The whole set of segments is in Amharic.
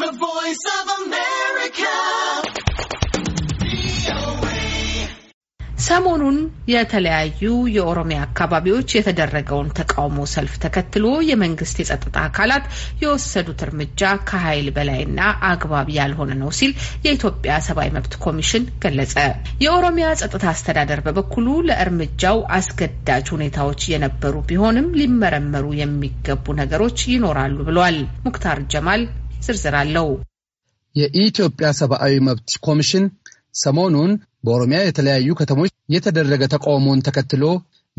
The Voice of America. ሰሞኑን የተለያዩ የኦሮሚያ አካባቢዎች የተደረገውን ተቃውሞ ሰልፍ ተከትሎ የመንግስት የጸጥታ አካላት የወሰዱት እርምጃ ከኃይል በላይና አግባብ ያልሆነ ነው ሲል የኢትዮጵያ ሰብአዊ መብት ኮሚሽን ገለጸ። የኦሮሚያ ጸጥታ አስተዳደር በበኩሉ ለእርምጃው አስገዳጅ ሁኔታዎች የነበሩ ቢሆንም ሊመረመሩ የሚገቡ ነገሮች ይኖራሉ ብሏል። ሙክታር ጀማል ዝርዝር አለው። የኢትዮጵያ ሰብአዊ መብት ኮሚሽን ሰሞኑን በኦሮሚያ የተለያዩ ከተሞች የተደረገ ተቃውሞን ተከትሎ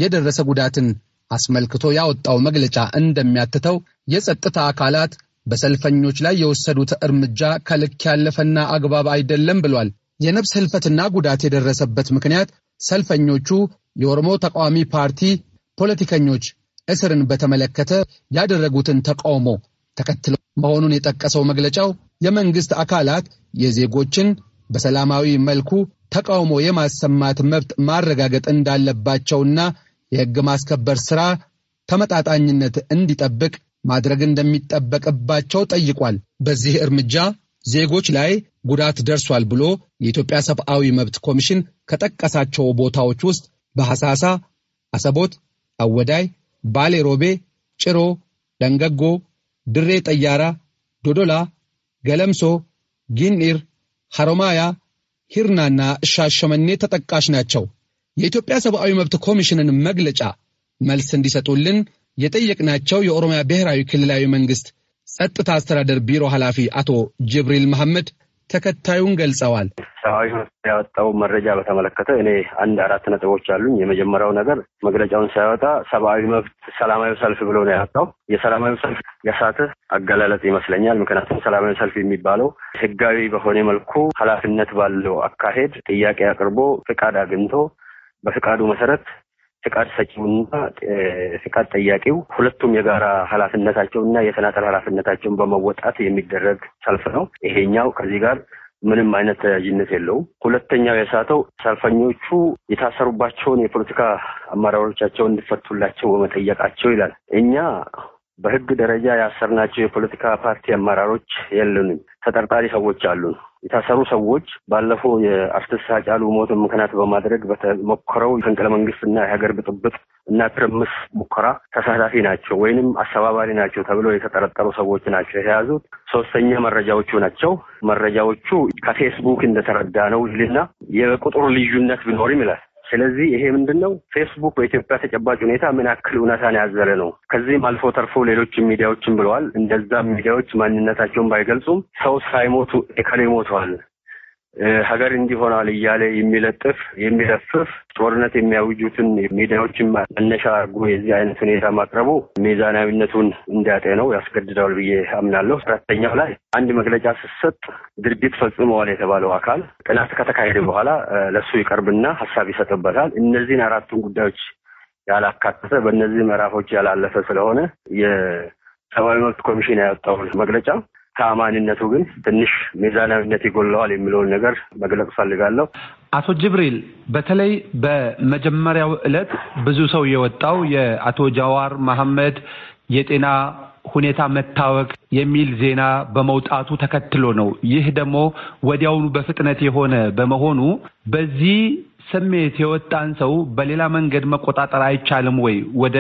የደረሰ ጉዳትን አስመልክቶ ያወጣው መግለጫ እንደሚያትተው የጸጥታ አካላት በሰልፈኞች ላይ የወሰዱት እርምጃ ከልክ ያለፈና አግባብ አይደለም ብሏል። የነፍስ ህልፈትና ጉዳት የደረሰበት ምክንያት ሰልፈኞቹ የኦሮሞ ተቃዋሚ ፓርቲ ፖለቲከኞች እስርን በተመለከተ ያደረጉትን ተቃውሞ ተከትሎ መሆኑን የጠቀሰው መግለጫው የመንግስት አካላት የዜጎችን በሰላማዊ መልኩ ተቃውሞ የማሰማት መብት ማረጋገጥ እንዳለባቸውና የሕግ ማስከበር ሥራ ተመጣጣኝነት እንዲጠብቅ ማድረግ እንደሚጠበቅባቸው ጠይቋል። በዚህ እርምጃ ዜጎች ላይ ጉዳት ደርሷል ብሎ የኢትዮጵያ ሰብአዊ መብት ኮሚሽን ከጠቀሳቸው ቦታዎች ውስጥ በሐሳሳ፣ አሰቦት፣ አወዳይ፣ ባሌ ሮቤ፣ ጭሮ፣ ደንገጎ dirree xayyaaraa dodolaa ገለምሶ ጊኒር ሐሮማያ ሂርናና ሻሸመኔ ተጠቃሽ ናቸው። የኢትዮጵያ ሰብአዊ መብት ኮሚሽንን መግለጫ መልስ እንዲሰጡልን የጠየቅናቸው የኦሮሚያ ብሔራዊ ክልላዊ መንግሥት ጸጥታ አስተዳደር ቢሮ ኃላፊ አቶ ጅብሪል መሐመድ ተከታዩን ገልጸዋል። ሰብዊ መብት ያወጣው መረጃ በተመለከተ እኔ አንድ አራት ነጥቦች አሉኝ። የመጀመሪያው ነገር መግለጫውን ሳያወጣ ሰብአዊ መብት ሰላማዊ ሰልፍ ብሎ ነው ያወጣው። የሰላማዊ ሰልፍ የሳተ አገላለጽ ይመስለኛል። ምክንያቱም ሰላማዊ ሰልፍ የሚባለው ህጋዊ በሆነ መልኩ ኃላፊነት ባለው አካሄድ ጥያቄ አቅርቦ ፍቃድ አግኝቶ በፍቃዱ መሰረት ፍቃድ ሰጪውና ፍቃድ ጠያቂው ሁለቱም የጋራ ኃላፊነታቸውና የተናጠል ኃላፊነታቸውን በመወጣት የሚደረግ ሰልፍ ነው። ይሄኛው ከዚህ ጋር ምንም አይነት ተያያዥነት የለውም። ሁለተኛው የሳተው ሰልፈኞቹ የታሰሩባቸውን የፖለቲካ አመራሮቻቸውን እንዲፈቱላቸው በመጠየቃቸው ይላል። እኛ በህግ ደረጃ ያሰርናቸው የፖለቲካ ፓርቲ አመራሮች የለንም። ተጠርጣሪ ሰዎች አሉን። የታሰሩ ሰዎች ባለፈው የአርቲስት ሃጫሉ ሞትን ምክንያት በማድረግ በተሞከረው መፈንቅለ መንግስትና የሀገር ብጥብጥ እና ትርምስ ሙከራ ተሳታፊ ናቸው ወይንም አስተባባሪ ናቸው ተብለው የተጠረጠሩ ሰዎች ናቸው የተያዙት። ሶስተኛ መረጃዎቹ ናቸው። መረጃዎቹ ከፌስቡክ እንደተረዳ ነው ይልና የቁጥር ልዩነት ቢኖርም ይላል ስለዚህ ይሄ ምንድን ነው ፌስቡክ በኢትዮጵያ ተጨባጭ ሁኔታ ምን ያክል እውነታን ያዘለ ነው። ከዚህም አልፎ ተርፎ ሌሎችም ሚዲያዎችን ብለዋል። እንደዛም ሚዲያዎች ማንነታቸውን ባይገልጹም ሰው ሳይሞቱ ከሌ ሞተዋል ሀገር እንዲሆናል እያለ የሚለጥፍ የሚለፍፍ ጦርነት የሚያውጁትን ሚዲያዎችን መነሻ አድርጎ የዚህ አይነት ሁኔታ ማቅረቡ ሚዛናዊነቱን ነው ያስገድደዋል ብዬ አምናለሁ። አራተኛው ላይ አንድ መግለጫ ስሰጥ ድርጊት ፈጽመዋል የተባለው አካል ጥናት ከተካሄደ በኋላ ለሱ ይቀርብና ሀሳብ ይሰጥበታል። እነዚህን አራቱን ጉዳዮች ያላካተተ በእነዚህ ምዕራፎች ያላለፈ ስለሆነ የሰብአዊ መብት ኮሚሽን ያወጣውን መግለጫ ከአማንነቱ ግን ትንሽ ሚዛናዊነት ይጎለዋል የሚለውን ነገር መግለጽ ፈልጋለሁ። አቶ ጅብሪል በተለይ በመጀመሪያው ዕለት ብዙ ሰው የወጣው የአቶ ጃዋር መሐመድ የጤና ሁኔታ መታወቅ የሚል ዜና በመውጣቱ ተከትሎ ነው። ይህ ደግሞ ወዲያውኑ በፍጥነት የሆነ በመሆኑ በዚህ ስሜት የወጣን ሰው በሌላ መንገድ መቆጣጠር አይቻልም ወይ? ወደ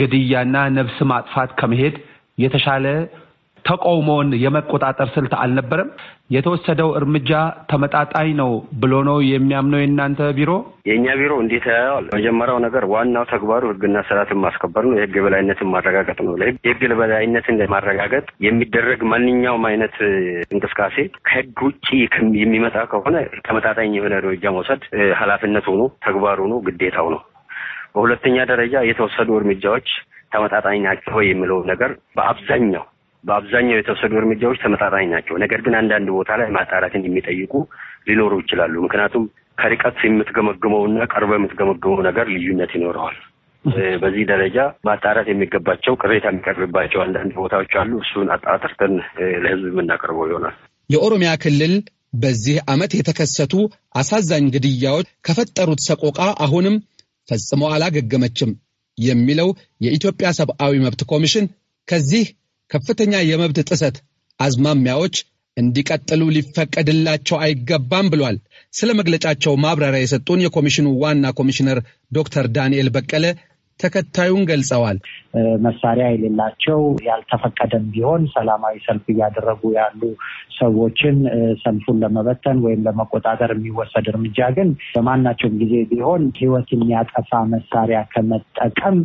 ግድያና ነፍስ ማጥፋት ከመሄድ የተሻለ ተቃውሞውን የመቆጣጠር ስልት አልነበረም። የተወሰደው እርምጃ ተመጣጣኝ ነው ብሎ ነው የሚያምነው የእናንተ ቢሮ? የእኛ ቢሮ እንዴት ያየዋል? መጀመሪያው ነገር ዋናው ተግባሩ ህግና ስርዓትን ማስከበር ነው፣ የህግ የበላይነትን ማረጋገጥ ነው። የህግ የበላይነትን ማረጋገጥ የሚደረግ ማንኛውም አይነት እንቅስቃሴ ከህግ ውጭ የሚመጣ ከሆነ ተመጣጣኝ የሆነ እርምጃ መውሰድ ኃላፊነት ሆኖ ተግባሩ ነው፣ ግዴታው ነው። በሁለተኛ ደረጃ የተወሰዱ እርምጃዎች ተመጣጣኝ ናቸው የሚለው ነገር በአብዛኛው በአብዛኛው የተወሰዱ እርምጃዎች ተመጣጣኝ ናቸው። ነገር ግን አንዳንድ ቦታ ላይ ማጣራትን የሚጠይቁ ሊኖሩ ይችላሉ። ምክንያቱም ከርቀት የምትገመግመውና ቀርበ የምትገመግመው ነገር ልዩነት ይኖረዋል። በዚህ ደረጃ ማጣራት የሚገባቸው ቅሬታ የሚቀርብባቸው አንዳንድ ቦታዎች አሉ። እሱን አጣጥርተን ለህዝብ የምናቀርበው ይሆናል። የኦሮሚያ ክልል በዚህ ዓመት የተከሰቱ አሳዛኝ ግድያዎች ከፈጠሩት ሰቆቃ አሁንም ፈጽሞ አላገገመችም የሚለው የኢትዮጵያ ሰብአዊ መብት ኮሚሽን ከዚህ ከፍተኛ የመብት ጥሰት አዝማሚያዎች እንዲቀጥሉ ሊፈቀድላቸው አይገባም ብሏል። ስለ መግለጫቸው ማብራሪያ የሰጡን የኮሚሽኑ ዋና ኮሚሽነር ዶክተር ዳንኤል በቀለ ተከታዩን ገልጸዋል። መሳሪያ የሌላቸው ያልተፈቀደም ቢሆን ሰላማዊ ሰልፍ እያደረጉ ያሉ ሰዎችን ሰልፉን ለመበተን ወይም ለመቆጣጠር የሚወሰድ እርምጃ ግን በማናቸውም ጊዜ ቢሆን ሕይወት የሚያጠፋ መሳሪያ ከመጠቀም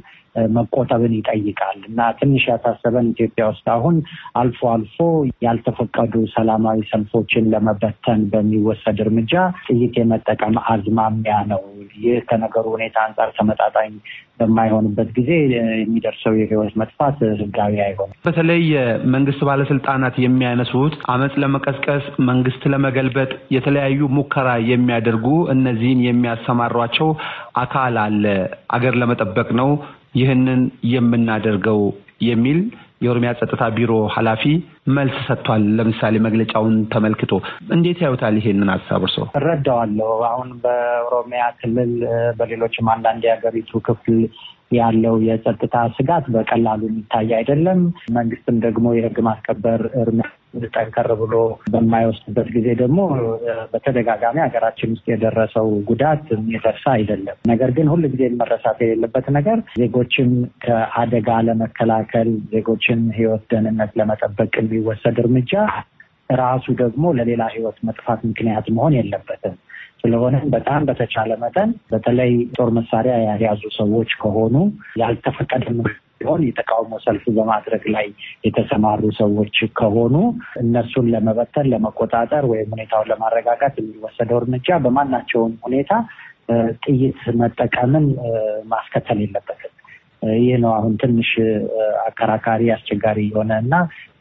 መቆጠብን ይጠይቃል እና ትንሽ ያሳሰበን ኢትዮጵያ ውስጥ አሁን አልፎ አልፎ ያልተፈቀዱ ሰላማዊ ሰልፎችን ለመበተን በሚወሰድ እርምጃ ጥይት የመጠቀም አዝማሚያ ነው። ይህ ከነገሩ ሁኔታ አንጻር ተመጣጣኝ በማይሆንበት ጊዜ የሚደርሰው የህይወት መጥፋት ህጋዊ አይሆንም። በተለይ የመንግስት ባለስልጣናት የሚያነሱት አመፅ ለመቀስቀስ መንግስት ለመገልበጥ የተለያዩ ሙከራ የሚያደርጉ እነዚህን የሚያሰማሯቸው አካል አለ። አገር ለመጠበቅ ነው ይህንን የምናደርገው የሚል የኦሮሚያ ጸጥታ ቢሮ ኃላፊ መልስ ሰጥቷል። ለምሳሌ መግለጫውን ተመልክቶ እንዴት ያዩታል? ይሄንን ሀሳብ እርሶ እረዳዋለሁ። አሁን በኦሮሚያ ክልል በሌሎችም አንዳንድ የሀገሪቱ ክፍል ያለው የጸጥታ ስጋት በቀላሉ የሚታይ አይደለም። መንግስትም ደግሞ የህግ ማስከበር እርምጃ ጠንከር ብሎ በማይወስድበት ጊዜ ደግሞ በተደጋጋሚ ሀገራችን ውስጥ የደረሰው ጉዳት የሚረሳ አይደለም። ነገር ግን ሁል ጊዜ መረሳት የሌለበት ነገር ዜጎችን ከአደጋ ለመከላከል ዜጎችን ሕይወት ደህንነት ለመጠበቅ የሚወሰድ እርምጃ ራሱ ደግሞ ለሌላ ሕይወት መጥፋት ምክንያት መሆን የለበትም። ስለሆነም በጣም በተቻለ መጠን በተለይ ጦር መሳሪያ ያልያዙ ሰዎች ከሆኑ ያልተፈቀደ ቢሆን የተቃውሞ ሰልፍ በማድረግ ላይ የተሰማሩ ሰዎች ከሆኑ እነሱን ለመበተን፣ ለመቆጣጠር ወይም ሁኔታውን ለማረጋጋት የሚወሰደው እርምጃ በማናቸውም ሁኔታ ጥይት መጠቀምን ማስከተል የለበትም። ይህ ነው አሁን ትንሽ አከራካሪ አስቸጋሪ የሆነ እና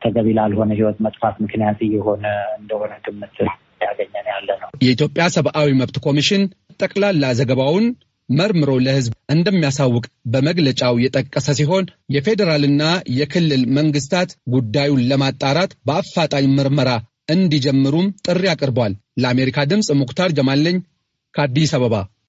ተገቢ ላልሆነ ህይወት መጥፋት ምክንያት እየሆነ እንደሆነ ግምት ያገኘን ያለ ነው። የኢትዮጵያ ሰብአዊ መብት ኮሚሽን ጠቅላላ ዘገባውን መርምሮ ለህዝብ እንደሚያሳውቅ በመግለጫው የጠቀሰ ሲሆን የፌዴራልና የክልል መንግስታት ጉዳዩን ለማጣራት በአፋጣኝ ምርመራ እንዲጀምሩም ጥሪ አቅርቧል። ለአሜሪካ ድምፅ ሙክታር ጀማል ነኝ ከአዲስ አበባ